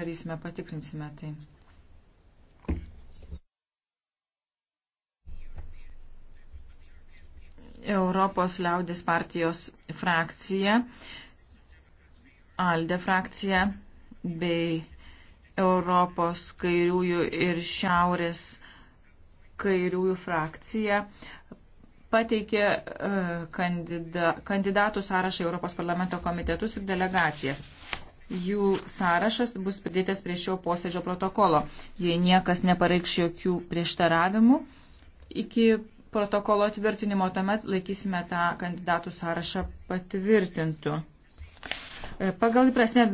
darysime, patikrinsime tai. Europos liaudės partijos frakcija, ALDE frakcija bei Europos kairiųjų ir šiaurės kairiųjų frakcija pateikė e, kandida, kandidatų sąrašą Europos parlamento komitetus ir delegacijas jų sąrašas bus pridėtas prie šio posėdžio protokolo. Jei niekas nepareikš jokių prieštaravimų, iki protokolo tvirtinimo tuomet laikysime tą kandidatų sąrašą patvirtintų. E, pagal įprasnę